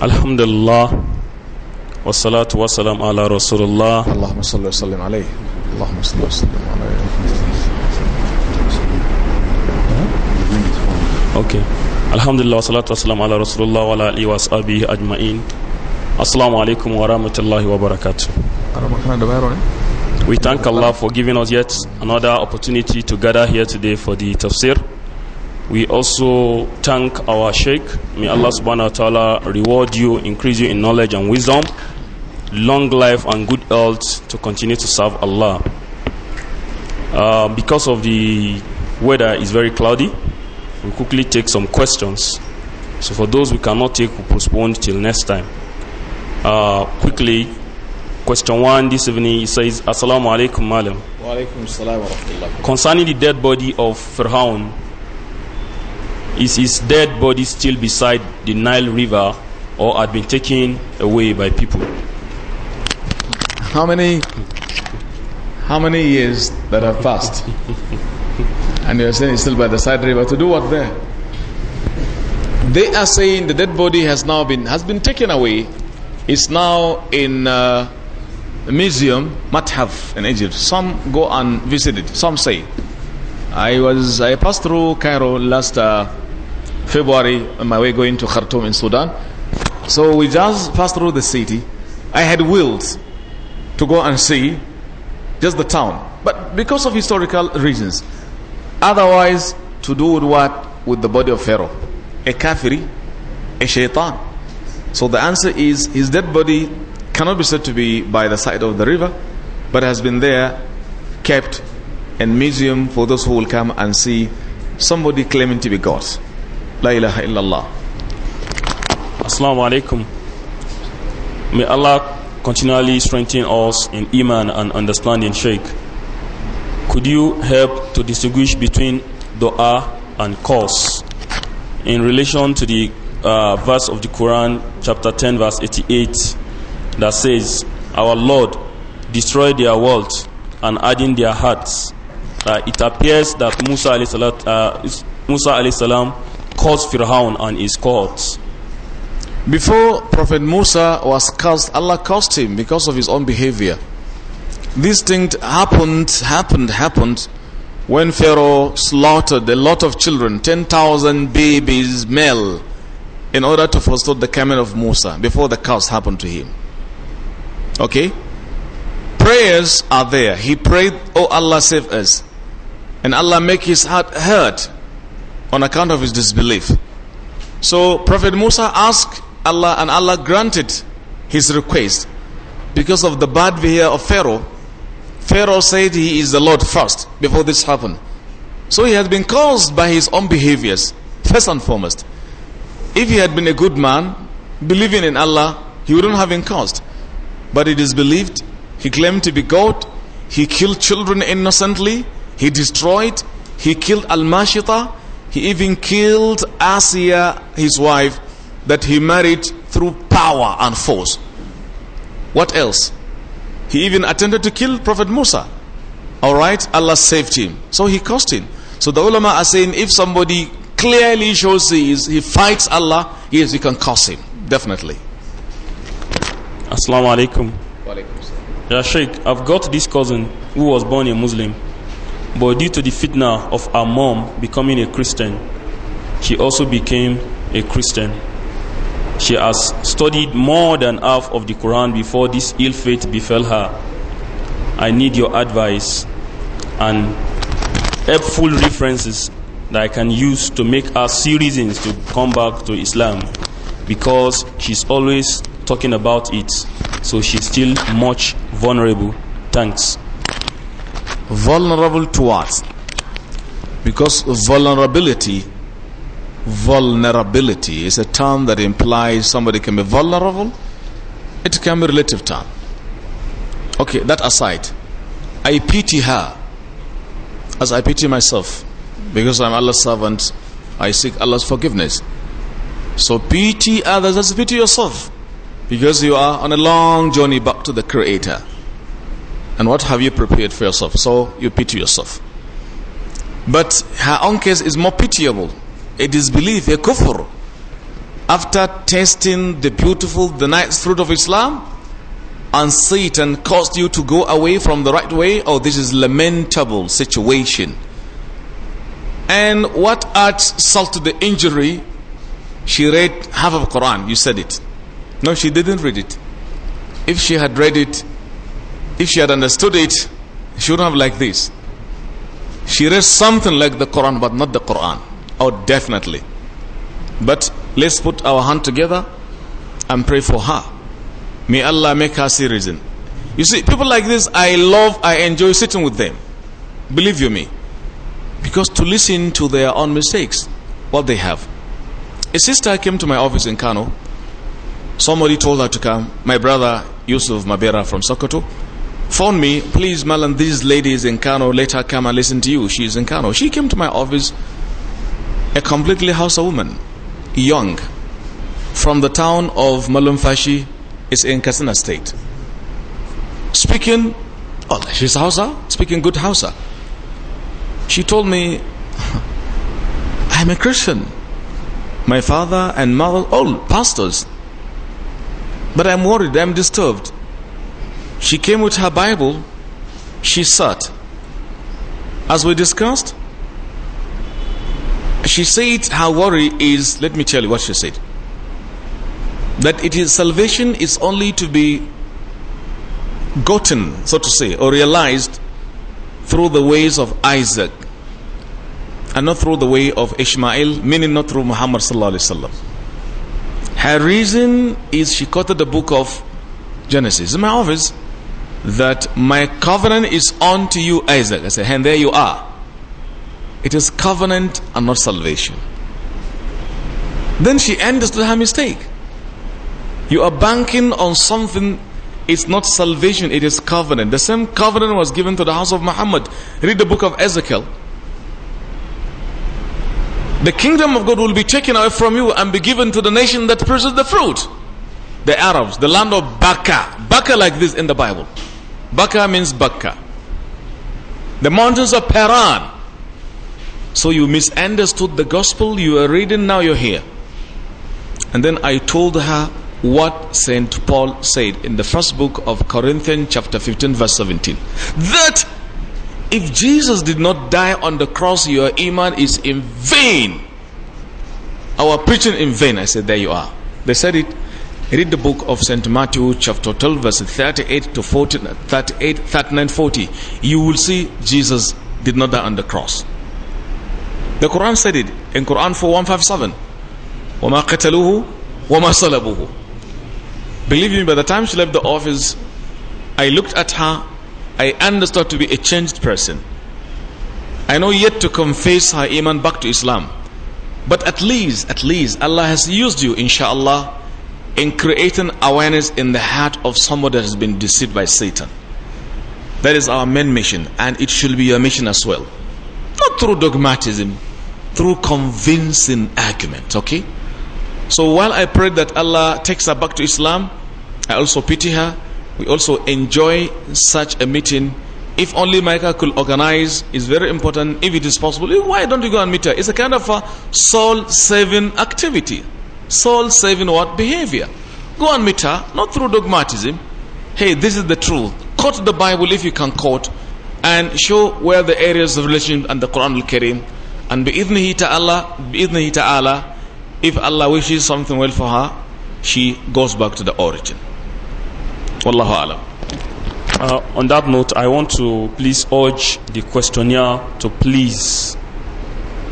alhamdulillah wasalatu wasalam ala rasulullah Allahumma salli wa sallim alayhi Allahumma salli wa sallim alayhi okay alhamdulillah wasalatu wasalam ala rasulullah wa ala alihi wa ashabihi ajma'in assalamu alaikum wa rahmatullahi wa barakatuh we thank Allah for giving us yet another opportunity to gather here today for the tafsir We also thank our Sheikh. May mhm. Allah subhanahu wa ta'ala reward you, increase you in knowledge and wisdom, long life and good health to continue to serve Allah. Uh, because of the weather is very cloudy, we quickly take some questions. So for those we cannot take, we postpone till next time. Uh, quickly, question one this evening says, Assalamu alaikum, Rahmatullah. Concerning the dead body of Fir'aun, is his dead body still beside the Nile River or had been taken away by people? How many how many years that have passed? and you are saying it's still by the side river to do what there? They are saying the dead body has now been has been taken away. It's now in uh, a museum, Mathaf in Egypt. Some go and visit it. Some say I was I passed through Cairo last uh, February on my way going to Khartoum in Sudan. So we just passed through the city. I had willed to go and see just the town, but because of historical reasons. Otherwise, to do with what? With the body of Pharaoh. A kafiri, a shaitan. So the answer is his dead body cannot be said to be by the side of the river, but has been there kept and museum for those who will come and see somebody claiming to be God. La ilaha illallah. Assalamu alaikum. May Allah continually strengthen us in Iman and understanding, Sheikh. Could you help to distinguish between dua and cause in relation to the uh, verse of the Quran, chapter 10, verse 88, that says, Our Lord destroyed their world and adding their hearts. Uh, it appears that Musa, alayhi salat, uh, Musa alayhi salam, curse Fir'aun and his court. Before Prophet Musa was cursed, Allah cursed him because of his own behavior. This thing happened, happened, happened when Pharaoh slaughtered a lot of children, 10,000 babies, male, in order to forestall the coming of Musa before the curse happened to him. Okay? Prayers are there. He prayed, Oh Allah, save us. And Allah make his heart hurt on account of his disbelief. So Prophet Musa asked Allah and Allah granted his request because of the bad behavior of Pharaoh. Pharaoh said he is the Lord first before this happened. So he had been caused by his own behaviors, first and foremost. If he had been a good man, believing in Allah, he wouldn't have been caused. But it is believed he claimed to be God, he killed children innocently, he destroyed, he killed Al-Mashita, he even killed Asiya, his wife, that he married through power and force. What else? He even attempted to kill Prophet Musa. All right, Allah saved him. So he cursed him. So the ulama are saying if somebody clearly shows he, he fights Allah, yes, you can curse him. Definitely. Assalamu alaikum. Wa alaikum. Yeah, Sheikh, I've got this cousin who was born a Muslim. But due to the fitna of her mom becoming a Christian, she also became a Christian. She has studied more than half of the Quran before this ill fate befell her. I need your advice and helpful references that I can use to make her see reasons to come back to Islam because she's always talking about it, so she's still much vulnerable. Thanks vulnerable to us, Because vulnerability, vulnerability is a term that implies somebody can be vulnerable. It can be a relative term. Okay, that aside, I pity her as I pity myself because I'm Allah's servant. I seek Allah's forgiveness. So pity others as pity yourself because you are on a long journey back to the Creator. And what have you prepared for yourself? So you pity yourself. But her own case is more pitiable. A disbelief, a kufr. After tasting the beautiful, the nice fruit of Islam, and Satan caused you to go away from the right way, oh, this is lamentable situation. And what adds salt to the injury? She read half of Quran. You said it. No, she didn't read it. If she had read it, if she had understood it, she wouldn't have like this. She read something like the Quran, but not the Quran. Oh, definitely. But let's put our hand together and pray for her. May Allah make her see reason. You see, people like this, I love, I enjoy sitting with them. Believe you me. Because to listen to their own mistakes, what they have. A sister came to my office in Kano. Somebody told her to come. My brother, Yusuf Mabera from Sokoto, phone me, please, Malan, this lady is in Kano, let her come and listen to you. She is in Kano. She came to my office, a completely Hausa woman, young, from the town of Malumfashi, is in Katsina state. Speaking, oh, she's Hausa, speaking good Hausa. She told me, I'm a Christian. My father and mother, all pastors. But I'm worried, I'm disturbed. She came with her Bible. She sat. As we discussed, she said her worry is, let me tell you what she said. That it is salvation is only to be gotten, so to say, or realized through the ways of Isaac and not through the way of Ishmael, meaning not through Muhammad sallallahu alaihi wasallam. Her reason is she quoted the book of Genesis. In my office, that my covenant is unto you Isaac. I said, and there you are. It is covenant and not salvation. Then she understood her mistake. You are banking on something, it's not salvation, it is covenant. The same covenant was given to the house of Muhammad. Read the book of Ezekiel. The kingdom of God will be taken away from you and be given to the nation that produces the fruit. The Arabs, the land of Baka. Baka like this in the Bible. Baka means Bakka. The mountains of Paran. So you misunderstood the gospel. You are reading, now you're here. And then I told her what St. Paul said in the first book of Corinthians chapter 15 verse 17. That if Jesus did not die on the cross, your iman is in vain. Our preaching in vain. I said, there you are. They said it Read the book of St. Matthew chapter 12 verse 38 to 40, 38, 39, 40. You will see Jesus did not die on the cross. The Quran said it in Quran 4157. وَمَا قَتَلُوهُ وَمَا صَلَبُوهُ Believe me, by the time she left the office, I looked at her, I understood to be a changed person. I know yet to confess her iman back to Islam. But at least, at least, Allah has used you, insha'Allah, in creating awareness in the heart of someone that has been deceived by Satan. That is our main mission, and it should be your mission as well. Not through dogmatism, through convincing argument, okay? So while I pray that Allah takes her back to Islam, I also pity her. We also enjoy such a meeting. If only Micah could organize, it's very important. If it is possible, why don't you go and meet her? It's a kind of a soul-saving activity soul saving what behavior go and meet her not through dogmatism hey this is the truth quote the bible if you can quote and show where the areas of religion and the quran al-karim and bi-idhnihi ta'ala bi ta'ala if allah wishes something well for her she goes back to the origin wallahu alam uh, on that note, I want to please urge the questionnaire to please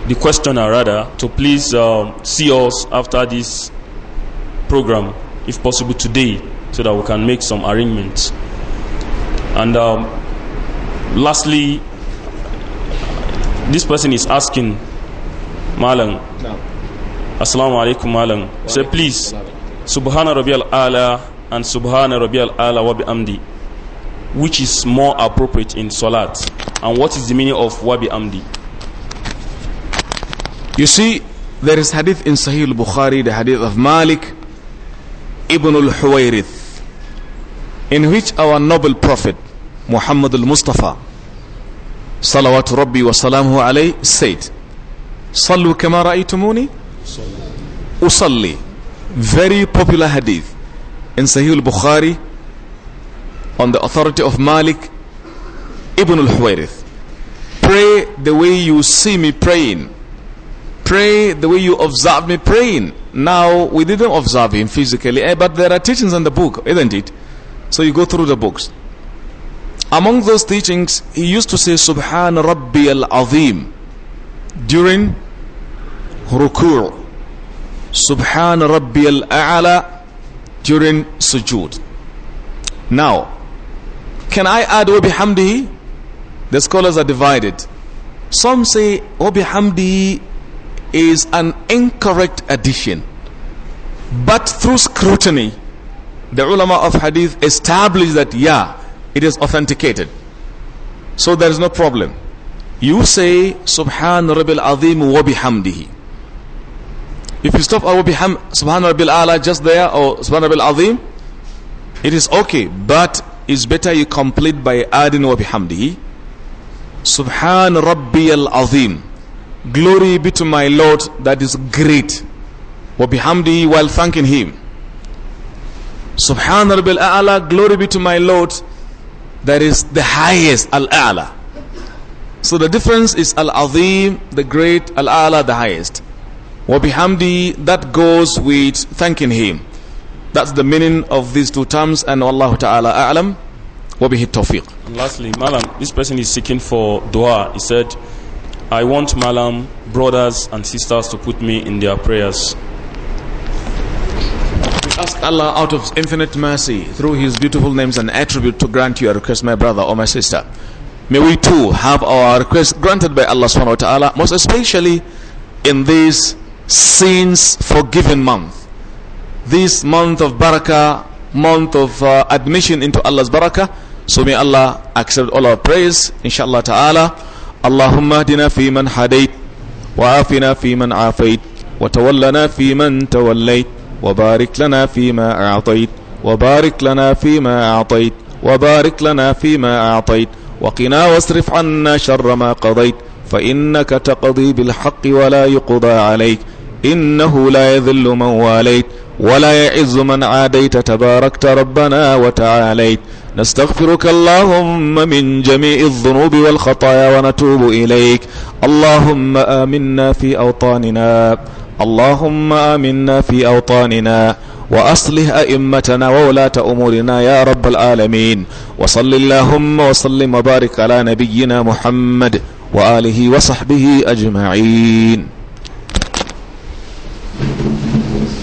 the questioner rather, to please um, see us after this program, if possible today, so that we can make some arrangements. And um, lastly, this person is asking, Malang. No. Assalamu alaikum, Malang. Say, please, Subhana al Ala and Subhana Rabial Ala Wabi Amdi, which is more appropriate in Salat? And what is the meaning of Wabi Amdi? You see, there is hadith in Sahih bukhari the hadith of Malik ibn al-Huwairith, in which our noble prophet, Muhammad al-Mustafa, salawatu rabbi wa salamu alayhi, said, Sallu kama ra'aytumuni? Usalli. Very popular hadith in Sahih bukhari on the authority of Malik ibn al-Huwairith. Pray the way you see me praying pray the way you observe me praying. Now, we didn't observe him physically, eh, but there are teachings in the book, isn't it? So you go through the books. Among those teachings, he used to say, Subhan Rabbi al Azim during rukur. Subhan Rabbi al A'la during sujood. Now, can I add Wabi Hamdi? The scholars are divided. Some say Wabi Hamdi is an incorrect addition. But through scrutiny, the ulama of hadith established that, yeah, it is authenticated. So there is no problem. You say, Subhan Rabbil Azim wa bihamdihi. If you stop Abu Ham Subhan Rabbil Ala just there or Subhan Rabbil Azim, it is okay. But it's better you complete by adding wa bihamdihi. Subhan Rabbi al Azim. Glory be to my Lord that is great. bihamdi while thanking him. Subhan Rabbil A'la, glory be to my Lord that is the highest, Al-A'la. So the difference is Al-Azim, the great, Al-A'la, the highest. bihamdi that goes with thanking him. That's the meaning of these two terms and Allah Ta'ala A'lam. Wa bihi And lastly, Malam, this person is seeking for dua. He said, I want Malam, brothers and sisters to put me in their prayers. We ask Allah out of infinite mercy through his beautiful names and attribute to grant your request, my brother or my sister. May we too have our request granted by Allah subhanahu wa ta'ala, most especially in this sins forgiven month. This month of barakah, month of uh, admission into Allah's barakah. So may Allah accept all our prayers, inshallah ta'ala. اللهم اهدنا فيمن هديت وعافنا فيمن عافيت وتولنا فيمن توليت وبارك لنا فيما أعطيت وبارك لنا فيما أعطيت وبارك لنا فيما أعطيت وقنا واصرف عنا شر ما قضيت فإنك تقضي بالحق ولا يقضى عليك إنه لا يذل من واليت ولا يعز من عاديت تباركت ربنا وتعاليت نستغفرك اللهم من جميع الذنوب والخطايا ونتوب إليك اللهم آمنا في أوطاننا اللهم آمنا في أوطاننا وأصلح أئمتنا وولاة أمورنا يا رب العالمين وصل اللهم وسلم وبارك على نبينا محمد وآله وصحبه أجمعين Thank you.